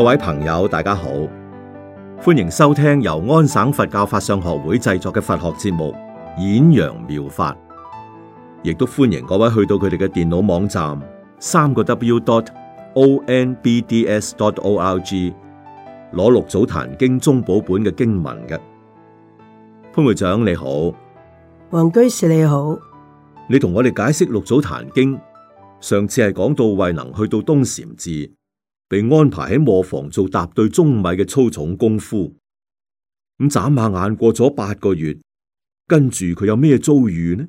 各位朋友，大家好，歡迎收聽由安省佛教法相學會製作嘅佛學節目《演揚妙法》，亦都歡迎各位去到佢哋嘅電腦網站三個 W 點 O N B D S 點 O R G，攞六祖壇經宗寶本嘅經文嘅。潘會長你好，王居士你好，你同我哋解釋六祖壇經，上次係講到慧能去到東禪寺。被安排喺磨房做踏對舂米嘅粗重功夫，咁眨下眼過咗八個月，跟住佢有咩遭遇呢？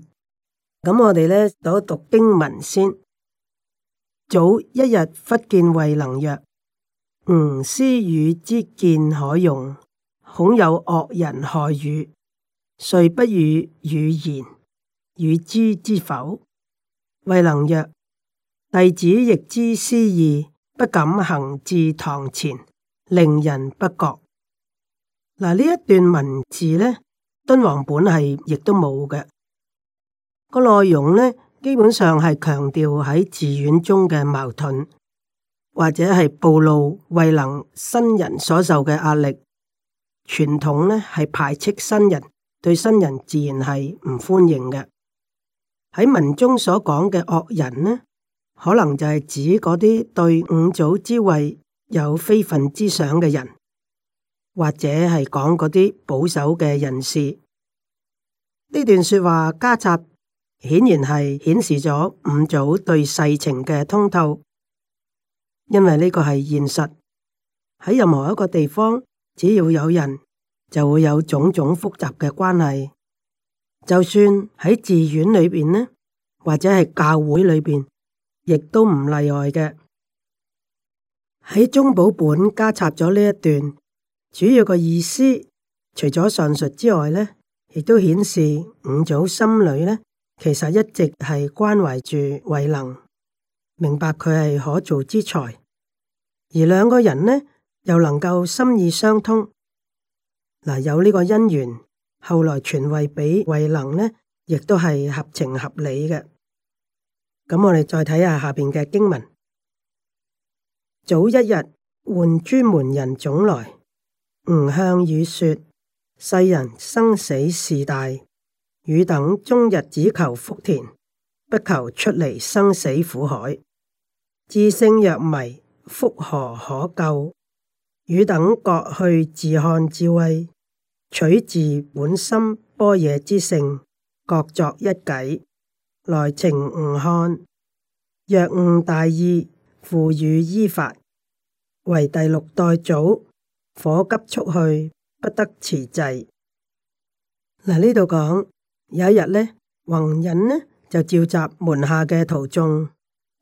咁我哋咧，讀一讀經文先。早一日忽見慧能曰：「吾思汝之見可用，恐有惡人害汝。」遂不與汝言。汝知之否？慧能曰：弟子亦知師意。不敢行至堂前，令人不覺。嗱，呢一段文字呢，敦煌本係亦都冇嘅。個內容呢基本上係強調喺寺院中嘅矛盾，或者係暴露慧能新人所受嘅壓力。傳統呢係排斥新人，對新人自然係唔歡迎嘅。喺文中所講嘅惡人呢？可能就係指嗰啲對五祖之位有非分之想嘅人，或者係講嗰啲保守嘅人士。呢段說話加插，顯然係顯示咗五祖對世情嘅通透，因為呢個係現實。喺任何一個地方，只要有人，就會有種種複雜嘅關係。就算喺寺院裏邊呢，或者係教會裏邊。亦都唔例外嘅，喺宗寶本加插咗呢一段，主要個意思除咗上述之外呢，亦都顯示五祖心裏呢，其實一直係關懷住慧能，明白佢係可造之才，而兩個人呢又能夠心意相通，嗱、啊、有呢個因緣，後來傳位俾慧能呢，亦都係合情合理嘅。咁我哋再睇下下邊嘅經文。早一日喚諸門人總來，吾向汝說：世人生死事大，汝等終日只求福田，不求出離生死苦海。自性若迷，福何可救？汝等各去自看智慧，取自本心般若之性，各作一偈。來呈吾看，若悟大意，付汝衣法，為第六代祖，火急速去，不得遲滯。嗱呢度講有一日呢，弘忍呢就召集門下嘅徒眾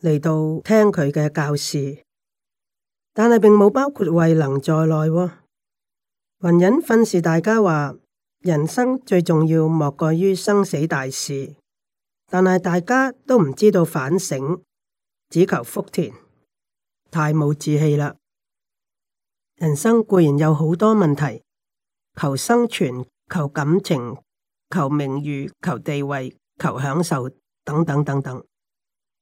嚟到聽佢嘅教示，但係並冇包括慧能在內、哦。弘忍訓示大家話：人生最重要莫過於生死大事。但係大家都唔知道反省，只求福田，太冇志氣啦！人生固然有好多問題，求生存、求感情、求名譽、求地位、求享受等等等等。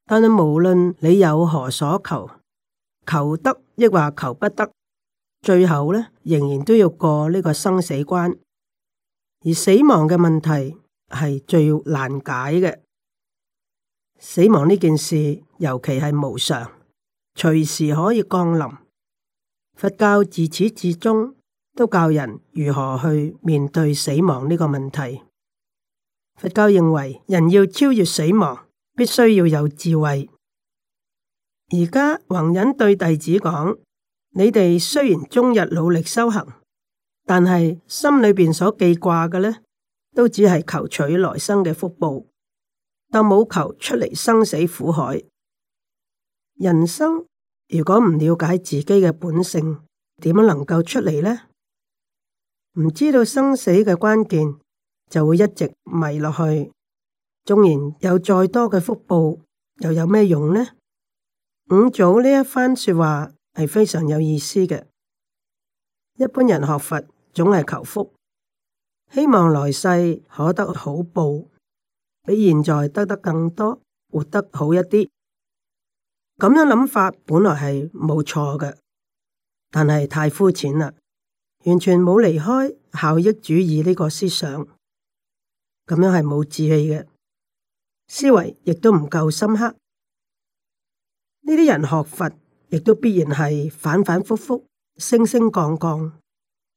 但係無論你有何所求，求得亦或求不得，最後呢，仍然都要過呢個生死關。而死亡嘅問題係最難解嘅。死亡呢件事，尤其係無常，隨時可以降臨。佛教自始至終都教人如何去面對死亡呢個問題。佛教認為人要超越死亡，必須要有智慧。而家弘忍對弟子講：你哋雖然終日努力修行，但係心裏邊所記掛嘅咧，都只係求取來生嘅福報。但冇求出嚟生死苦海，人生如果唔了解自己嘅本性，點樣能夠出嚟呢？唔知道生死嘅關鍵，就會一直迷落去。縱然有再多嘅福報，又有咩用呢？五祖呢一番說話係非常有意思嘅。一般人學佛總係求福，希望來世可得好報。比現在得得更多，活得好一啲，咁樣諗法本來係冇錯嘅，但係太膚淺啦，完全冇離開效益主義呢個思想，咁樣係冇志氣嘅，思維亦都唔夠深刻。呢啲人學佛，亦都必然係反反复覆、升升降降，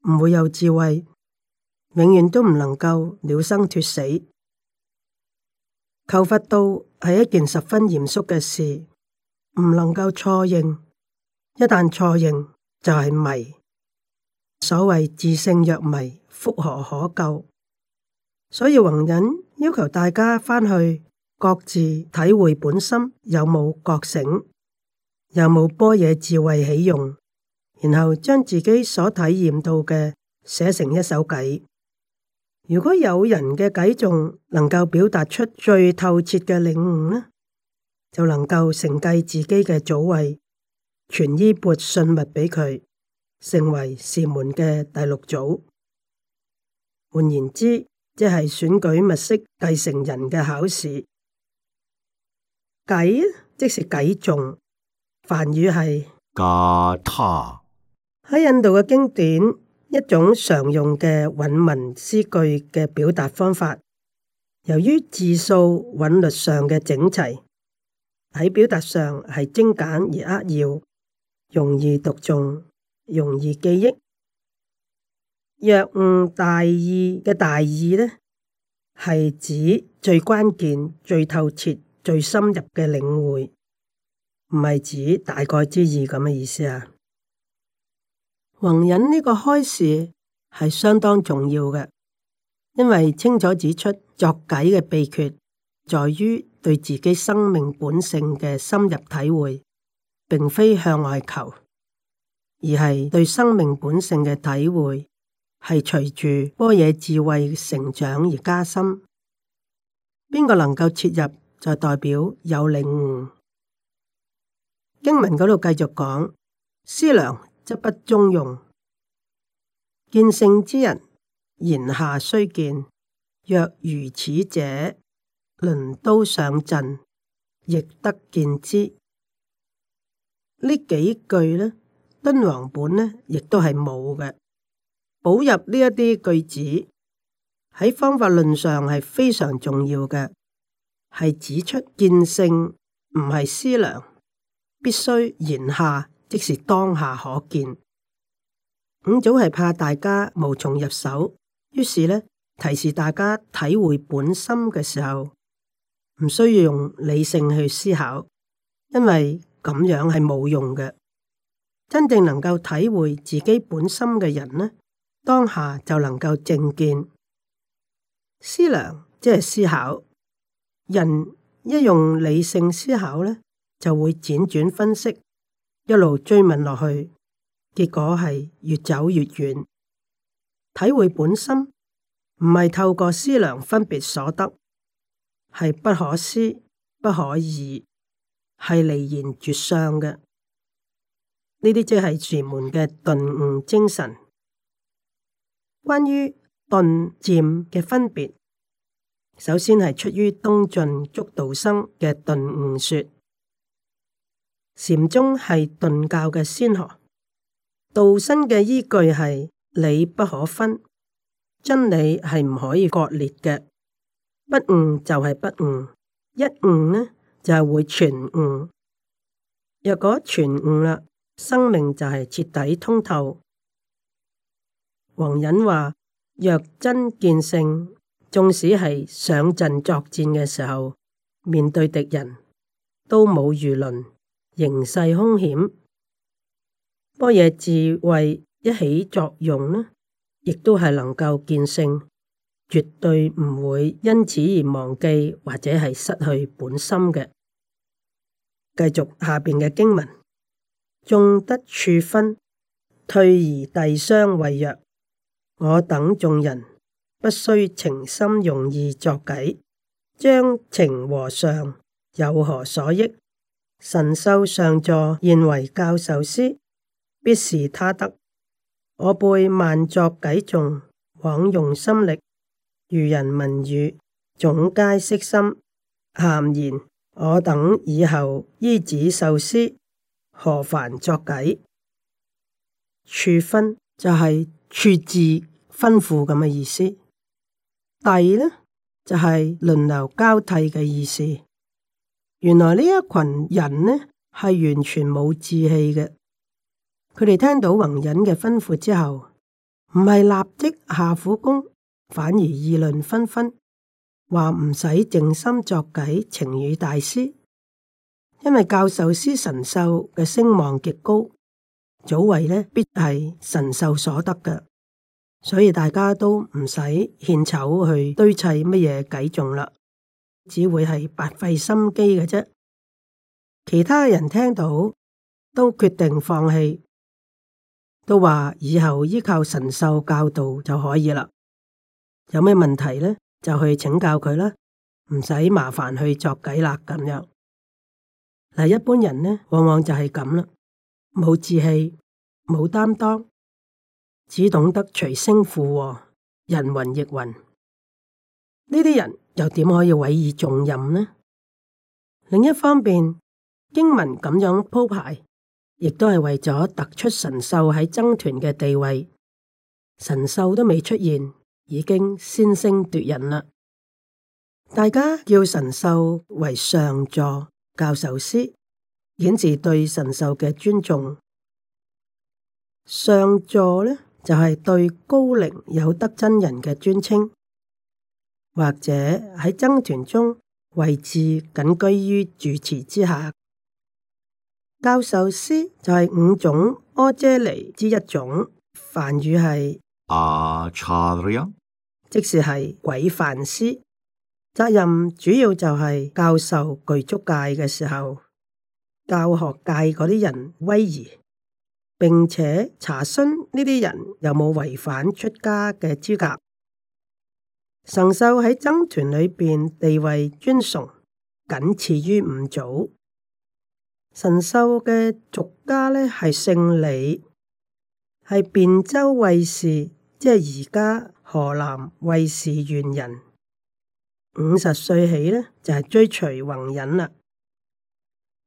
唔會有智慧，永遠都唔能夠了生脫死。求佛道係一件十分嚴肅嘅事，唔能夠錯認，一旦錯認就係迷。所謂自性若迷，復何可救？所以弘忍要求大家返去各自體會本心，有冇覺醒，有冇般若智慧起用，然後將自己所體驗到嘅寫成一首偈。如果有人嘅偈頌能夠表達出最透徹嘅領悟呢，就能夠承繼自己嘅祖位，傳衣缽信物俾佢，成為寺門嘅第六祖。換言之，即係選舉物色繼承人嘅考試。偈即是偈頌，梵語係加他喺印度嘅經典。一種常用嘅韻文詩句嘅表達方法，由於字數韻律上嘅整齊，喺表達上係精簡而扼要，容易讀誦，容易記憶。若誤大意嘅大意呢，係指最關鍵、最透徹、最深入嘅領會，唔係指大概之意咁嘅意思啊。弘忍呢個開示係相當重要嘅，因為清楚指出作偈嘅秘訣在於對自己生命本性嘅深入體會，並非向外求，而係對生命本性嘅體會係隨住般若智慧成長而加深。邊個能夠切入，就代表有領悟。經文嗰度繼續講，思量。則不中用。見性之人，言下須見。若如此者，輪刀上陣，亦得見之。呢幾句呢，敦煌本呢亦都係冇嘅，補入呢一啲句子喺方法論上係非常重要嘅，係指出見性唔係思量，必須言下。即是當下可見，五祖係怕大家無從入手，於是呢提示大家體會本心嘅時候，唔需要用理性去思考，因為咁樣係冇用嘅。真正能夠體會自己本心嘅人呢，當下就能夠正見。思量即係思考，人一用理性思考呢就會輾轉,轉分析。一路追問落去，結果係越走越遠。體會本心，唔係透過思量分別所得，係不可思、不可議，係離言絕相嘅。呢啲即係禪門嘅頓悟精神。關於頓漸嘅分別，首先係出於東晉竺道生嘅頓悟說。禪宗係頓教嘅先河，道生嘅依據係理不可分，真理係唔可以割裂嘅。不悟就係不悟，一悟呢就係會全悟。若果全悟啦，生命就係徹底通透。王隱話：若真見性，縱使係上陣作戰嘅時候，面對敵人都冇輿論。形勢凶險，般若智慧一起作用呢？亦都係能夠見性，絕對唔會因此而忘記或者係失去本心嘅。繼續下邊嘅經文：眾得處分，退而遞相謂曰。我等眾人，不須澄心用意作偈，將呈和尚有何所益？神秀上座現為教授師，必是他得。我輩謾作偈頌，枉用心力。愚人民語，總皆悉心。咸言我等以後依止受師，何煩作偈？處分就係處置吩咐咁嘅意思。第二呢就係、是、輪流交替嘅意思。原來呢一群人呢係完全冇志氣嘅，佢哋聽到弘忍嘅吩咐之後，唔係立即下苦功，反而議論紛紛，話唔使靜心作偈，情語大師，因為教授師神秀嘅聲望極高，祖位呢必係神秀所得嘅，所以大家都唔使獻醜去堆砌乜嘢偈頌啦。只會係白費心機嘅啫，其他人聽到都決定放棄，都話以後依靠神授教導就可以啦。有咩問題咧，就去請教佢啦，唔使麻煩去作計啦咁樣。嗱，一般人咧，往往就係咁啦，冇志氣，冇擔當，只懂得隨聲附和，人云亦云。呢啲人又點可以委以重任呢？另一方面，經文咁樣鋪排，亦都係為咗突出神秀喺僧團嘅地位。神秀都未出現，已經先聲奪人啦。大家叫神秀為上座教授師，顯示對神秀嘅尊重。上座咧就係、是、對高齡有德真人嘅尊稱。或者喺僧團中位置僅居於住持之下，教授師就係五種阿闍黎之一種，梵語係阿查里亞，即是係軌範師。責任主要就係教授具足戒嘅時候，教學界嗰啲人威儀，並且查詢呢啲人有冇違反出家嘅資格。神秀喺僧團裏邊地位尊崇，僅次於五祖。神秀嘅俗家呢係姓李，係汴州尉氏，即係而家河南尉氏縣人。五十歲起呢，就係、是、追隨弘忍啦。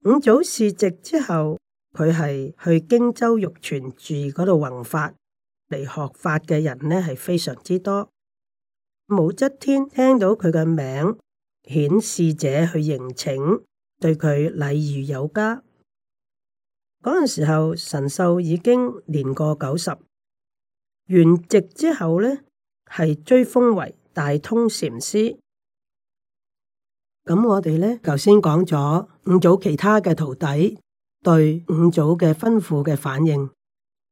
五祖逝世之後，佢係去荊州玉泉寺嗰度弘法，嚟學法嘅人呢，係非常之多。武則天聽到佢嘅名，遣使者去迎請，對佢禮遇有加。嗰陣時候，神秀已經年過九十，圓寂之後呢，係追封為大通禪師。咁我哋呢，頭先講咗五祖其他嘅徒弟對五祖嘅吩咐嘅反應。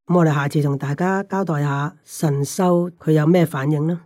咁我哋下次同大家交代下神秀佢有咩反應啦。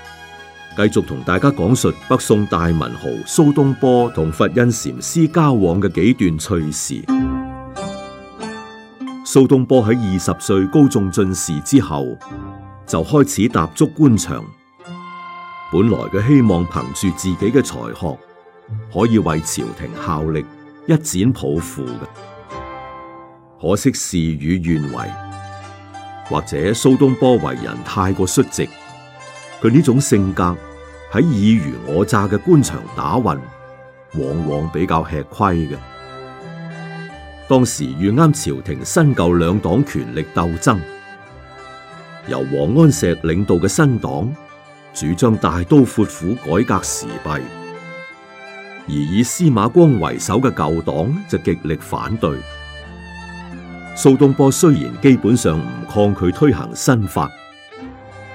繼續同大家講述北宋大文豪蘇東坡同佛印禪師交往嘅幾段趣事。蘇東坡喺二十歲高中進士之後，就開始踏足官場。本來嘅希望憑住自己嘅才學，可以為朝廷效力，一展抱負嘅。可惜事與願違，或者蘇東坡為人太過率直。佢呢種性格喺爾虞我詐嘅官場打混，往往比較吃虧嘅。當時遇啱朝廷新舊兩黨權力鬥爭，由王安石領導嘅新黨主張大刀闊斧改革時弊，而以司馬光為首嘅舊黨就極力反對。蘇東坡雖然基本上唔抗拒推行新法。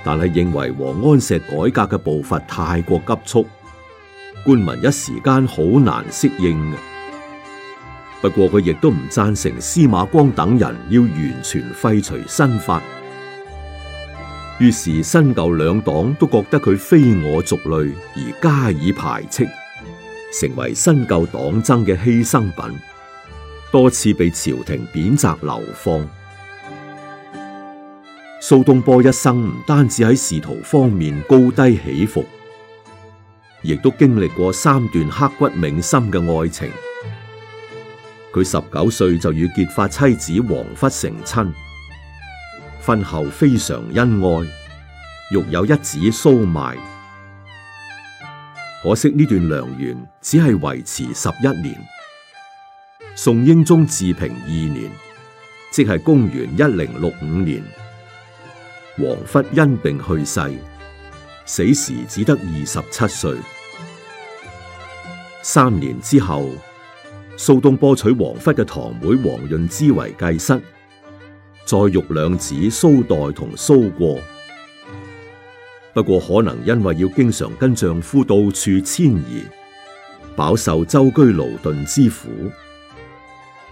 但係認為王安石改革嘅步伐太過急促，官民一時間好難適應。不過佢亦都唔贊成司馬光等人要完全廢除新法，於是新舊兩黨都覺得佢非我族類而加以排斥，成為新舊黨爭嘅犧牲品，多次被朝廷貶謫流放。蘇東坡一生唔單止喺仕途方面高低起伏，亦都經歷過三段刻骨銘心嘅愛情。佢十九歲就與結髮妻子王弗成親，婚後非常恩愛，育有一子蘇邁。可惜呢段良緣只係維持十一年。宋英宗治平二年，即係公元一零六五年。王弗因病去世，死時只得二十七歲。三年之後，蘇東坡娶王弗嘅堂妹王潤之為繼室，再育兩子蘇迨同蘇過。不過可能因為要經常跟丈夫到處遷移，飽受舟居勞頓之苦，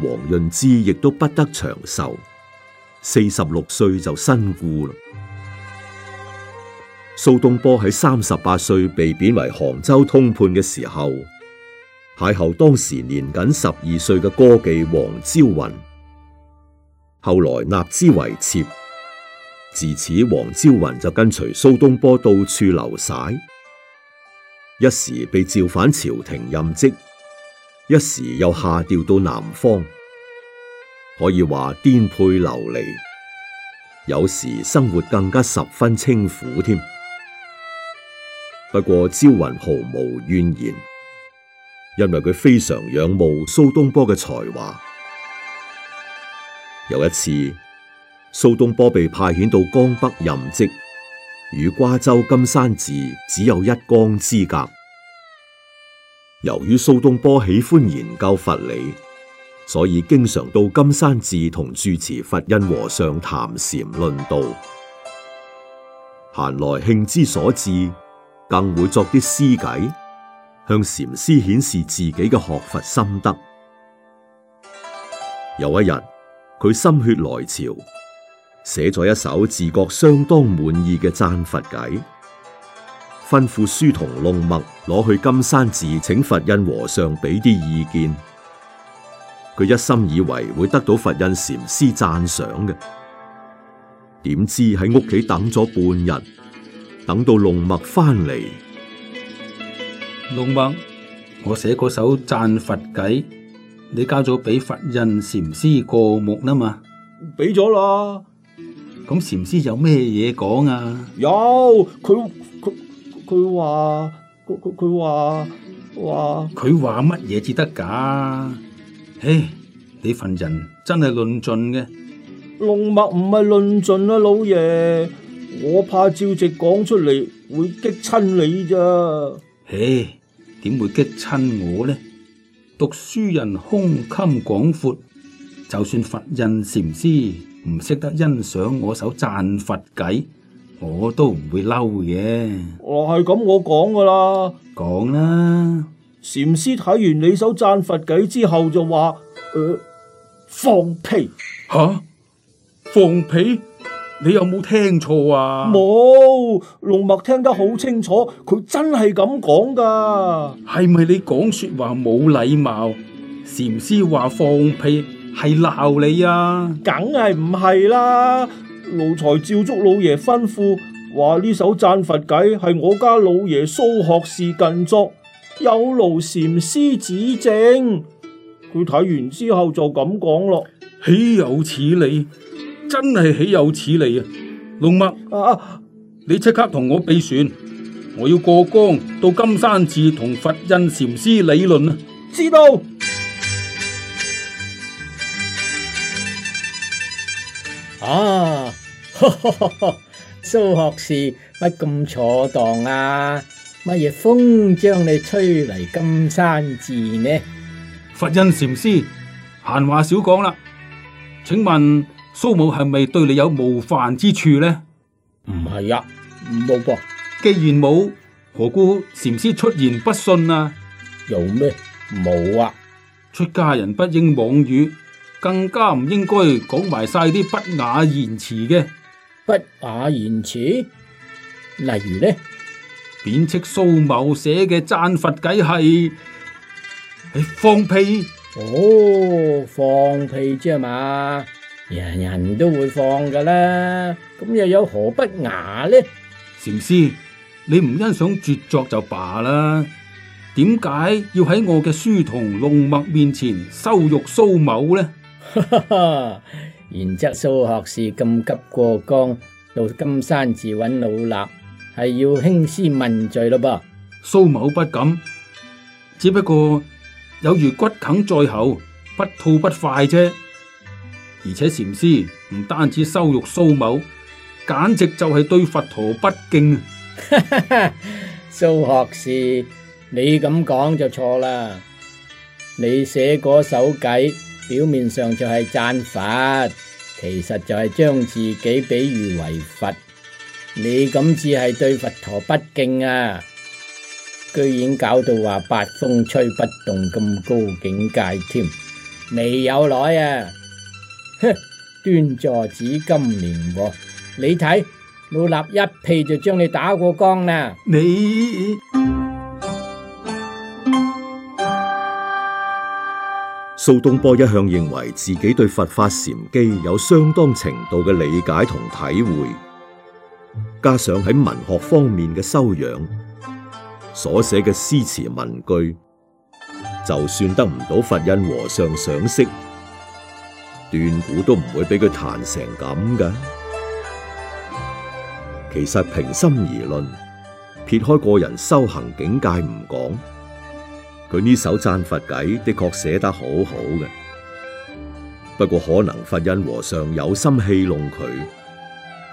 王潤之亦都不得長壽，四十六歲就身故啦蘇東坡喺三十八歲被貶為杭州通判嘅時候，邂逅當時年僅十二歲嘅歌妓王昭雲，後來納之為妾。自此，王昭雲就跟隨蘇東坡到處流徙，一時被召返朝廷任職，一時又下調到南方，可以話顛沛流離，有時生活更加十分清苦添。不過朝雲毫無怨言，因為佢非常仰慕蘇東坡嘅才華。有一次，蘇東坡被派遣到江北任職，與瓜州金山寺只有一江之隔。由於蘇東坡喜歡研究佛理，所以經常到金山寺同住持佛印和尚談禪論道，閒來興之所至。更會作啲詩偈，向禪師顯示自己嘅學佛心得。有一日，佢心血來潮，寫咗一首自覺相當滿意嘅贊佛偈，吩咐書童弄墨，攞去金山寺請佛印和尚俾啲意見。佢一心以為會得到佛印禪師贊賞嘅，點知喺屋企等咗半日。等到龍墨翻嚟。龍墨脈，我寫嗰首讚佛偈，你交咗俾佛印禪師過目啦嘛？俾咗啦。咁禪師有咩嘢講啊？有，佢佢佢話佢話話佢話乜嘢至得噶？唉，你份人真係論盡嘅。龍墨唔係論盡啊，老爺。我怕照直講出嚟會激親你咋？唉，點會激親我呢？讀書人胸襟廣闊，就算佛印禪師唔識得欣賞我首讚佛偈，我都唔會嬲嘅。我係咁，我講噶啦，講啦。禪師睇完你首讚佛偈之後就話：誒，放屁吓，放屁。啊？放屁？你有冇聽錯啊？冇，龍墨聽得好清楚，佢真係咁講噶。係咪你講說話冇禮貌？禪師話放屁係鬧你啊？梗係唔係啦，奴才照足老爺吩咐，話呢首讚佛偈係我家老爺蘇學士近作，有勞禪師指正。佢睇完之後就咁講咯。豈有此理！真係豈有此理啊！龍墨，啊啊、你即刻同我備船，我要過江到金山寺同佛印禪師理論啊！知道啊！蘇學士乜咁坐蕩啊？乜嘢風將你吹嚟金山寺呢？佛印禪師閒話少講啦，請問？蘇某係咪對你有冒犯之處呢？唔係啊，冇噃、啊。既然冇，何故禪師出言不遜啊？有咩？冇啊！出家人不應妄語，更加唔應該講埋晒啲不雅言辭嘅。不雅言辭？例如呢？貶斥蘇某寫嘅讚佛偈係？你、哎、放屁！哦，放屁啫係嘛？人人都會放噶啦，咁又有何不雅呢？禪師，你唔欣賞絕作就罷啦，點解要喺我嘅書童龍墨面前羞辱蘇某呢？ 然則蘇學士咁急過江，到金山寺揾老衲，係要興師問罪咯噃。蘇某不敢，只不過有如骨鯁在喉，不吐不快啫。而且禪師唔單止羞辱蘇某，簡直就係對佛陀不敬啊！蘇 學士，你咁講就錯啦！你寫嗰首偈，表面上就係讚佛，其實就係將自己比喻為佛。你咁至係對佛陀不敬啊！居然搞到話八風吹不動咁高境界添，未有來啊！端坐紫金蓮，你睇，老衲一屁就將你打過江啦！你蘇東坡一向認為自己對佛法禪機有相當程度嘅理解同體會，加上喺文學方面嘅修養，所寫嘅詩詞文句，就算得唔到佛印和尚賞識。斷估都唔會俾佢彈成咁噶。其實平心而論，撇開個人修行境界唔講，佢呢首讚佛偈的確寫得好好嘅。不過可能佛印和尚有心戲弄佢，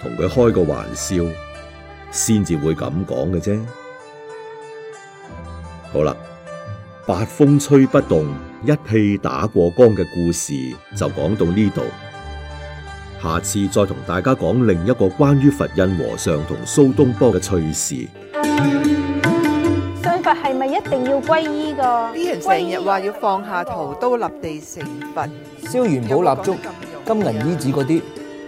同佢開個玩笑，先至會咁講嘅啫。好啦。八風吹不動，一屁打過江嘅故事就講到呢度，下次再同大家講另一個關於佛印和尚同蘇，蘇東坡嘅趣事。信佛係咪一定要皈依㗎？啲人成日話要放下屠刀立地成佛，燒元寶蠟燭、金銀衣紙嗰啲，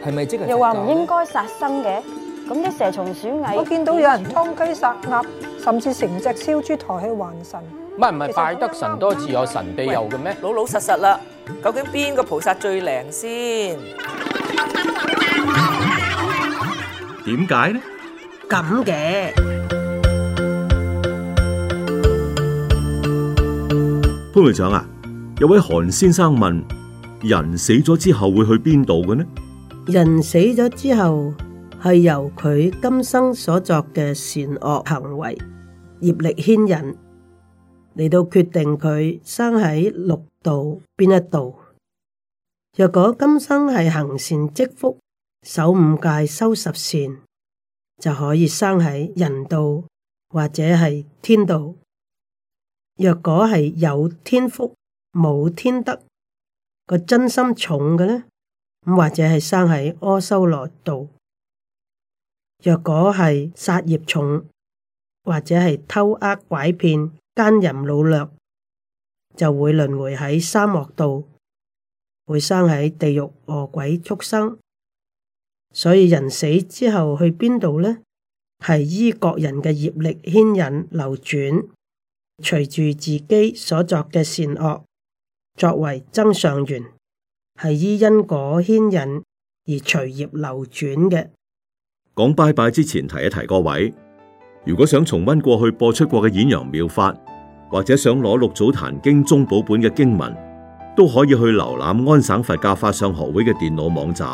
係咪的即係又話唔應該殺生嘅？咁啲蛇蟲鼠蟻，我見到有人劏雞殺鴨，甚至成隻燒豬抬去還神。唔係，唔係，拜得神多自有神庇佑嘅咩？老老實實啦，究竟邊個菩薩最靈先？點解呢？咁嘅潘會長啊，有位韓先生問：人死咗之後會去邊度嘅呢？人死咗之後係由佢今生所作嘅善惡行為業力牽引。嚟到決定佢生喺六道邊一道。若果今生係行善積福、守五戒、修十善，就可以生喺人道或者係天道。若果係有天福冇天德，個真心重嘅呢？咁或者係生喺阿修羅道。若果係殺業重，或者係偷呃拐騙，奸淫擄掠，就會輪迴喺三惡道，會生喺地獄、餓鬼、畜生，所以人死之後去邊度呢？係依各人嘅業力牽引流轉，隨住自己所作嘅善惡作為增上緣，係依因果牽引而隨業流轉嘅。講拜拜之前提一提各位，如果想重溫過去播出過嘅演揚妙法，或者想攞《六祖壇經》中寶本嘅經文，都可以去瀏覽安省佛教法相學會嘅電腦網站，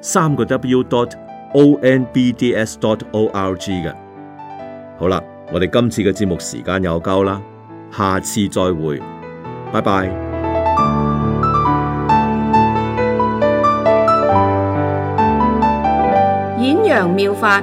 三個 W 點 O N B D S 點 O R G 嘅。好啦，我哋今次嘅節目時間又夠啦，下次再會，拜拜。演揚妙法。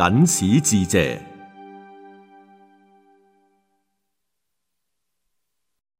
僅此致謝。